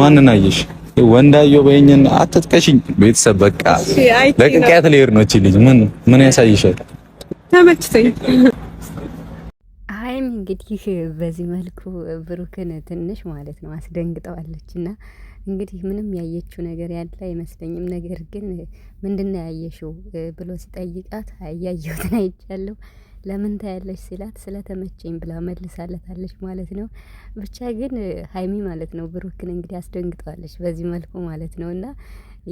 ማንን አየሽ? ወንዳየው በይኝን አትጥቀሽኝ። ቤተሰብ በቃ ለቅቄያት ልሄድ ነው። እቺ ልጅ ምን ምን ያሳይሻል? ተመችቶኝ ሀይም እንግዲህ በዚህ መልኩ ብሩክን ትንሽ ማለት ነው አስደንግጠዋለች እና እንግዲህ ምንም ያየችው ነገር ያለ አይመስለኝም። ነገር ግን ምንድን ነው ያየሽው ብሎ ሲጠይቃት አያየሁትን አይቻለሁ ለምን ታያለች ሲላት ስለተመቸኝ ብላ መልሳለታለች ማለት ነው። ብቻ ግን ሀይሚ ማለት ነው ብሩክን እንግዲህ አስደንግጠዋለች በዚህ መልኩ ማለት ነው እና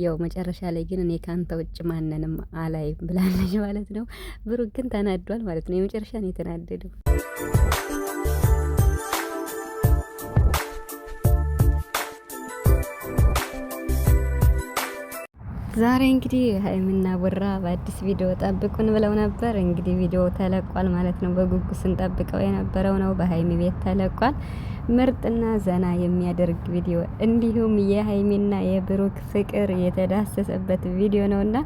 ያው መጨረሻ ላይ ግን እኔ ካንተ ውጭ ማንንም አላይ ብላለች ማለት ነው። ብሩክ ግን ተናዷል ማለት ነው። የመጨረሻ ነው የተናደደው። ዛሬ እንግዲህ ሀይሚና ቡራ በአዲስ ቪዲዮ ጠብቁን ብለው ነበር። እንግዲህ ቪዲዮ ተለቋል ማለት ነው። በጉጉ ስንጠብቀው የነበረው ነው። በሀይሚ ቤት ተለቋል። ምርጥና ዘና የሚያደርግ ቪዲዮ እንዲሁም የሀይሚና የብሩክ ፍቅር የተዳሰሰበት ቪዲዮ ነውና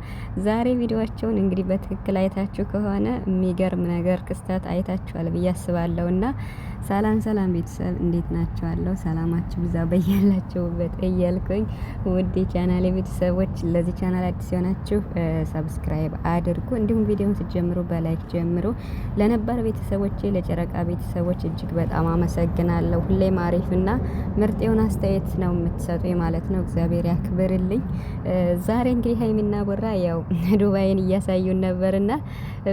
ዛሬ ቪዲዮቸውን እንግዲህ በትክክል አይታችሁ ከሆነ የሚገርም ነገር ክስተት አይታችኋል ብዬ አስባለሁና ሰላም ሰላም ቤተሰብ እንዴት ናቸዋለሁ? ሰላማችሁ ብዛ በያላችሁበት እያልኩኝ ውድ ቻናል ቤተሰቦች፣ ለዚህ ቻናል አዲስ የሆናችሁ ሰብስክራይብ አድርጉ፣ እንዲሁም ቪዲዮውን ስትጀምሩ በላይክ ጀምሩ። ለነባር ቤተሰቦቼ፣ ለጨረቃ ቤተሰቦች እጅግ በጣም አመሰግናለሁ። ሁሌም እና ምርጥ የሆነ አስተያየት ነው የምትሰጡ ማለት ነው። እግዚአብሔር ያክብርልኝ። ዛሬ እንግዲህ ሀይሚና ቦራ ያው ዱባይን እያሳዩን ነበርና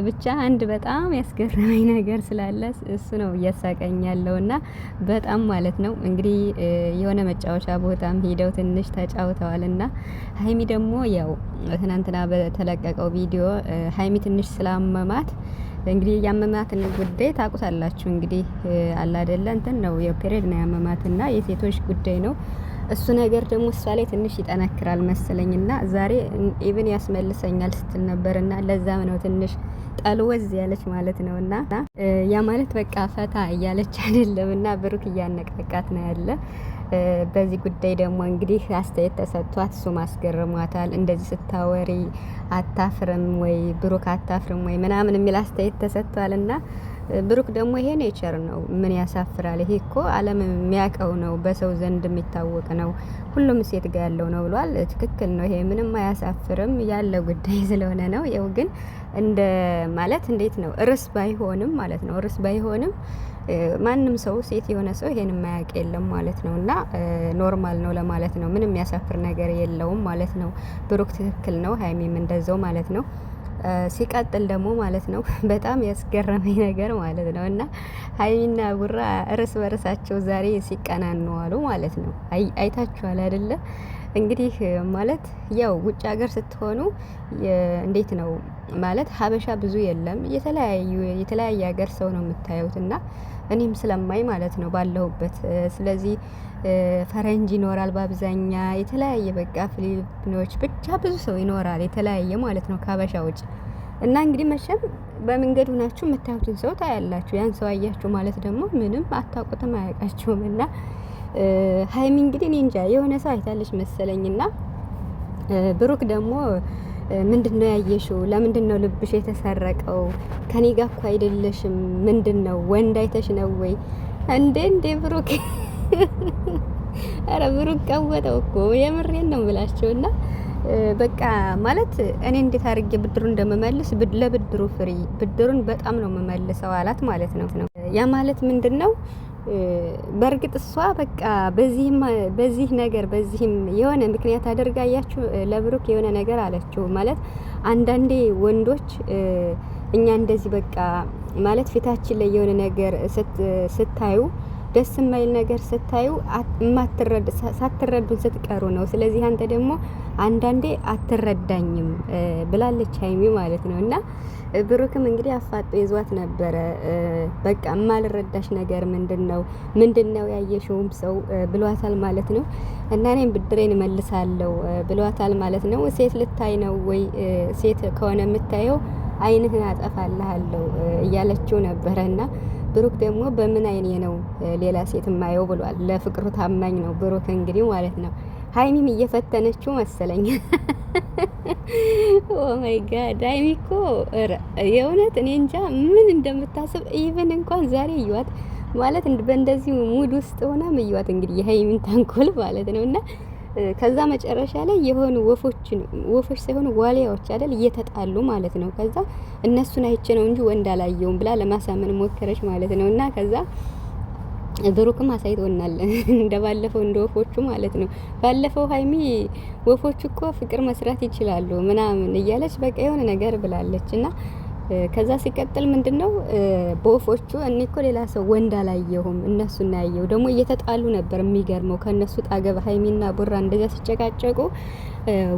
ብቻ አንድ በጣም ያስገረመኝ ነገር ስላለ እሱ ነው እያሳቀኝ ያለውና በጣም ማለት ነው እንግዲህ የሆነ መጫወቻ ቦታም ሄደው ትንሽ ተጫውተዋልና ሀይሚ ደግሞ ያው ትናንትና በተለቀቀው ቪዲዮ ሀይሚ ትንሽ ስላመማት እንግዲህ ያመማትን ጉዳይ ታቁታላችሁ። እንግዲህ አለ አይደለ እንትን ነው የፔሬድ ነው ያመማትና የሴቶች ጉዳይ ነው እሱ ነገር ደግሞ እሷ ላይ ትንሽ ይጠነክራል መሰለኝና ዛሬ ኢቭን ያስመልሰኛል ስትል ነበርና ለዛም ነው ትንሽ ጠልወዝ ያለች ማለት ነውና ያ ማለት በቃ ፈታ እያለች አይደለምና ብሩክ እያነቃቃት ነው ያለ በዚህ ጉዳይ ደግሞ እንግዲህ አስተያየት ተሰጥቷት እሱ አስገርሟታል። እንደዚህ ስታወሪ አታፍርም ወይ ብሩክ አታፍርም ወይ ምናምን የሚል አስተያየት ተሰጥቷልና ብሩክ ደግሞ ይሄ ኔቸር ነው። ምን ያሳፍራል? ይሄ እኮ ዓለም የሚያውቀው ነው፣ በሰው ዘንድ የሚታወቅ ነው፣ ሁሉም ሴት ጋር ያለው ነው ብሏል። ትክክል ነው። ይሄ ምንም አያሳፍርም ያለ ጉዳይ ስለሆነ ነው። ይው ግን እንደ ማለት እንዴት ነው እርስ ባይሆንም ማለት ነው እርስ ባይሆንም ማንም ሰው ሴት የሆነ ሰው ይሄን ማያውቅ የለም ማለት ነው። እና ኖርማል ነው ለማለት ነው። ምንም የሚያሳፍር ነገር የለውም ማለት ነው። ብሩክ ትክክል ነው፣ ሀይሚም እንደዛው ማለት ነው። ሲቀጥል ደግሞ ማለት ነው በጣም ያስገረመኝ ነገር ማለት ነው እና ሀይሚና ቡራ እርስ በርሳቸው ዛሬ ሲቀናኑ ዋሉ ማለት ነው። አይታችኋል አይደለ? እንግዲህ ማለት ያው ውጭ ሀገር ስትሆኑ እንዴት ነው ማለት ሀበሻ ብዙ የለም። የተለያዩ የተለያየ ሀገር ሰው ነው የምታዩት እና እኔም ስለማይ ማለት ነው ባለሁበት። ስለዚህ ፈረንጅ ይኖራል በአብዛኛ የተለያየ በቃ ፊሊፒኖች ብቻ ብዙ ሰው ይኖራል የተለያየ ማለት ነው ከሀበሻ ውጭ እና እንግዲህ መቼም በመንገድ ሁናችሁ የምታዩትን ሰው ታያላችሁ። ያን ሰው አያችሁ ማለት ደግሞ ምንም አታውቁትም አያውቃችሁም እና ሀይሚ እንግዲህ እኔ እንጃ የሆነ ሰው አይታለች መሰለኝና ብሩክ ደግሞ ምንድን ነው ያየሽው? ለምንድን ነው ልብሽ የተሰረቀው? ከኔ ጋር እኮ አይደለሽም። ምንድን ነው ወንድ አይተሽ ነው ወይ? እንዴ እንዴ ብሩክ አረ ብሩክ ቀወጠው እኮ የምሬን ነው ብላችሁና በቃ ማለት እኔ እንዴት አድርጌ ብድሩ እንደምመልስ ለብድሩ ፍሪ ብድሩን በጣም ነው የምመልሰው አላት ማለት ነው። ያ ማለት ምንድን ነው በእርግጥ እሷ በቃ በዚህም በዚህ ነገር በዚህም የሆነ ምክንያት አድርጋ እያችሁ ለብሩክ የሆነ ነገር አለችው። ማለት አንዳንዴ ወንዶች እኛ እንደዚህ በቃ ማለት ፊታችን ላይ የሆነ ነገር ስታዩ ደስ የማይል ነገር ስታዩ ሳትረዱን ስትቀሩ ነው። ስለዚህ አንተ ደግሞ አንዳንዴ አትረዳኝም ብላለች ሀይሚ ማለት ነው። እና ብሩክም እንግዲህ አፋጦ ይዟት ነበረ። በቃ የማልረዳሽ ነገር ምንድን ነው? ምንድን ነው ያየሽውም ሰው ብሏታል ማለት ነው። እና እኔም ብድሬን እመልሳለሁ ብሏታል ማለት ነው። ሴት ልታይ ነው ወይ? ሴት ከሆነ የምታየው አይንህን አጠፋልሃለሁ እያለችው ነበረ እና ብሩክ ደግሞ በምን አይኔ ነው ሌላ ሴት ማየው ብሏል። ለፍቅሩ ታማኝ ነው ብሩክ እንግዲህ ማለት ነው። ሀይሚም እየፈተነችው መሰለኝ። ኦ ማይ ጋድ ሀይሚ እኮ የእውነት እኔ እንጃ ምን እንደምታስብ ኢቨን እንኳን ዛሬ እዩዋት ማለት በእንደዚህ ሙድ ውስጥ ሆና እዩዋት እንግዲህ የሀይሚን ታንኮል ማለት ነው እና ከዛ መጨረሻ ላይ የሆኑ ወፎችን ወፎች ሳይሆኑ ዋልያዎች አይደል እየተጣሉ ማለት ነው። ከዛ እነሱን አይቼ ነው እንጂ ወንድ አላየውም ብላ ለማሳመን ሞከረች ማለት ነው። እና ከዛ ብሩክም አሳይቶናል እንደባለፈው እንደ ወፎቹ ማለት ነው። ባለፈው ሀይሚ ወፎቹ እኮ ፍቅር መስራት ይችላሉ ምናምን እያለች በቃ የሆነ ነገር ብላለች እና ከዛ ሲቀጥል ምንድን ነው በወፎቹ እኔ እኮ ሌላ ሰው ወንድ አላየሁም፣ እነሱ ያየው ደግሞ እየተጣሉ ነበር። የሚገርመው ከእነሱ ጣገብ ሀይሚና ቡራ እንደዚያ ሲጨቃጨቁ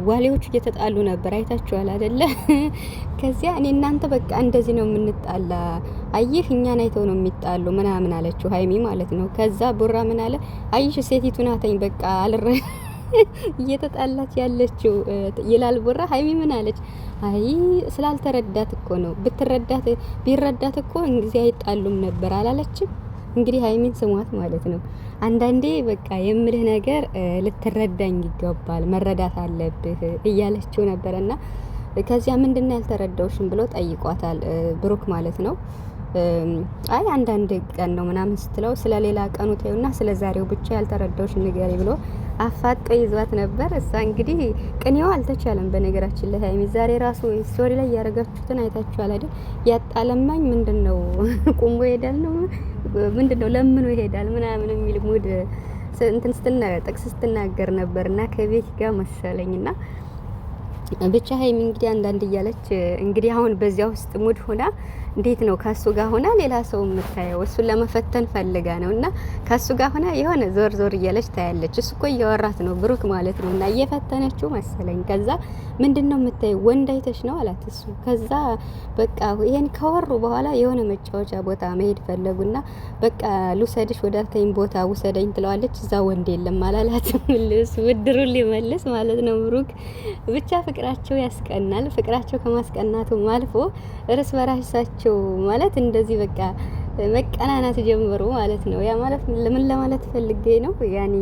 ዋሌዎቹ እየተጣሉ ነበር። አይታችኋል አደለ? ከዚያ እኔ እናንተ በቃ እንደዚህ ነው የምንጣላ፣ አይህ እኛን አይተው ነው የሚጣሉ ምናምን አለችው ሀይሚ ማለት ነው። ከዛ ቡራ ምን አለ? አይሽ ሴቲቱ ናተኝ በቃ አልረ እየተጣላች ያለችው ይላል ቡራ። ሀይሚ ምን አለች? አይ ስላልተረዳት እኮ ነው። ብትረዳት ቢረዳት እኮ እንግዲህ አይጣሉም ነበር አላለችም? እንግዲህ ሀይሚን ስሟት ማለት ነው። አንዳንዴ በቃ የምልህ ነገር ልትረዳኝ ይገባል፣ መረዳት አለብህ እያለችው ነበረና ከዚያ ምንድነው ያልተረዳውሽም ብሎ ጠይቋታል ብሩክ ማለት ነው። አይ አንዳንድ ቀን ነው ምናምን ስትለው ስለ ሌላ ቀኑ ተይውና ስለ ዛሬው ብቻ ያልተረዳውሽ ንገሪ ብሎ አፋጦ ይዟት ነበር። እሷ እንግዲህ ቅኔው አልተቻለም። በነገራችን ላይ ሀይሚ ዛሬ ራሱ ስቶሪ ላይ ያደረጋችሁትን አይታችኋል አይደል? ያጣለማኝ ምንድን ነው ቁሞ ይሄዳል ነው ምንድን ነው ለምኖ ይሄዳል ምናምን የሚል ሙድ እንትን ስትና ጥቅስ ስትናገር ነበርና ከቤት ጋር መሰለኝና ብቻ ሀይሚ እንግዲህ አንዳንድ እያለች እንግዲህ አሁን በዚያ ውስጥ ሙድ ሆና እንዴት ነው ከሱ ጋር ሆና ሌላ ሰው የምታየው? እሱን ለመፈተን ፈልጋ ነው። እና ከሱ ጋር ሆና የሆነ ዞር ዞር እያለች ታያለች። እሱ እኮ እያወራት ነው ብሩክ ማለት ነው። እና እየፈተነችው መሰለኝ። ከዛ ምንድን ነው የምታየው? ወንድ አይተሽ ነው አላት እሱ። ከዛ በቃ ይሄን ከወሩ በኋላ የሆነ መጫወቻ ቦታ መሄድ ፈለጉና በቃ ልውሰድሽ ወዳልተኝ ቦታ ውሰደኝ ትለዋለች። እዛ ወንድ የለም አላላት። ልስ ውድሩን ሊመልስ ማለት ነው ብሩክ። ብቻ ፍቅራቸው ያስቀናል። ፍቅራቸው ከማስቀናቱም አልፎ እርስ በራሳቸው ናቸው ማለት እንደዚህ በቃ መቀናናት ጀምሩ ማለት ነው። ያ ማለት ለምን ለማለት ፈልጌ ነው? ያኔ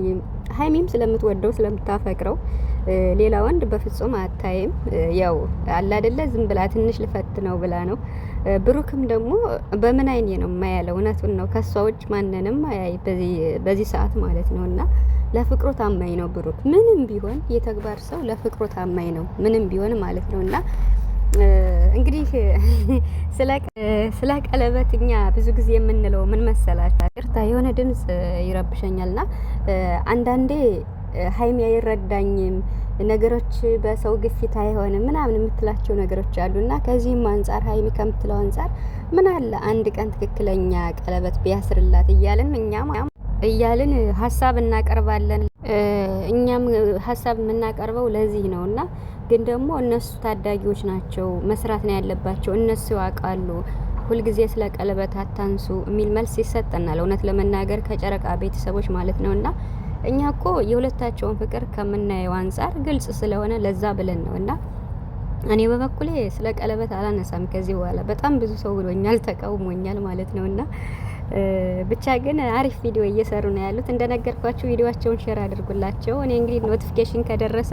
ሀይሚም ስለምትወደው ስለምታፈቅረው ሌላ ወንድ በፍጹም አታይም። ያው አለ አይደለ ዝም ብላ ትንሽ ልፈት ነው ብላ ነው። ብሩክም ደግሞ በምን አይኔ ነው የማያለው? እውነቱን ነው። ከሷ ውጭ ማንንም አያይ በዚህ ሰዓት ማለት ነው። እና ለፍቅሩ ታማኝ ነው ብሩክ። ምንም ቢሆን የተግባር ሰው ለፍቅሩ ታማኝ ነው፣ ምንም ቢሆን ማለት ነው እና እንግዲህ ስለ ቀለበት እኛ ብዙ ጊዜ የምንለው ምን መሰላችሁ? ቅርታ የሆነ ድምፅ ይረብሸኛልና አንዳንዴ ሀይሚ አይረዳኝም፣ ነገሮች በሰው ግፊት አይሆንም ምናምን የምትላቸው ነገሮች አሉና ከዚህም አንጻር ሀይሚ ከምትለው አንጻር ምን አለ አንድ ቀን ትክክለኛ ቀለበት ቢያስርላት እያልን እኛ እያልን ሀሳብ እናቀርባለን። እኛም ሀሳብ የምናቀርበው ለዚህ ነው እና ግን ደግሞ እነሱ ታዳጊዎች ናቸው፣ መስራት ነው ያለባቸው፣ እነሱ ያውቃሉ። ሁልጊዜ ስለ ቀለበት አታንሱ የሚል መልስ ይሰጠናል። እውነት ለመናገር ከጨረቃ ቤተሰቦች ማለት ነው እና እኛ እኮ የሁለታቸውን ፍቅር ከምናየው አንጻር ግልጽ ስለሆነ ለዛ ብለን ነው እና እኔ በበኩሌ ስለ ቀለበት አላነሳም ከዚህ በኋላ። በጣም ብዙ ሰው ብሎኛል፣ ተቃውሞኛል ማለት ነው እና ብቻ ግን አሪፍ ቪዲዮ እየሰሩ ነው ያሉት። እንደነገርኳችሁ ቪዲዮቸውን ሼር አድርጉላቸው። እኔ እንግዲህ ኖቲፊኬሽን ከደረሰ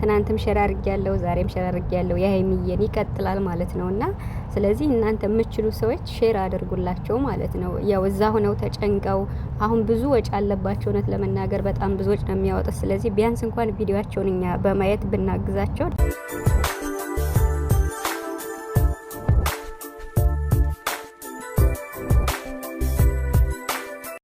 ትናንትም ሼር አድርጌያለሁ፣ ዛሬም ሼር አድርጌያለሁ። የሀይሚዬን ይቀጥላል ማለት ነውና ስለዚህ እናንተ የምችሉ ሰዎች ሼር አድርጉላቸው ማለት ነው። ያው እዛ ሆነው ተጨንቀው አሁን ብዙ ወጪ አለባቸው። እውነት ለመናገር በጣም ብዙ ወጪ ነው የሚያወጡት። ስለዚህ ቢያንስ እንኳን ቪዲዮቸውን እኛ በማየት ብናግዛቸው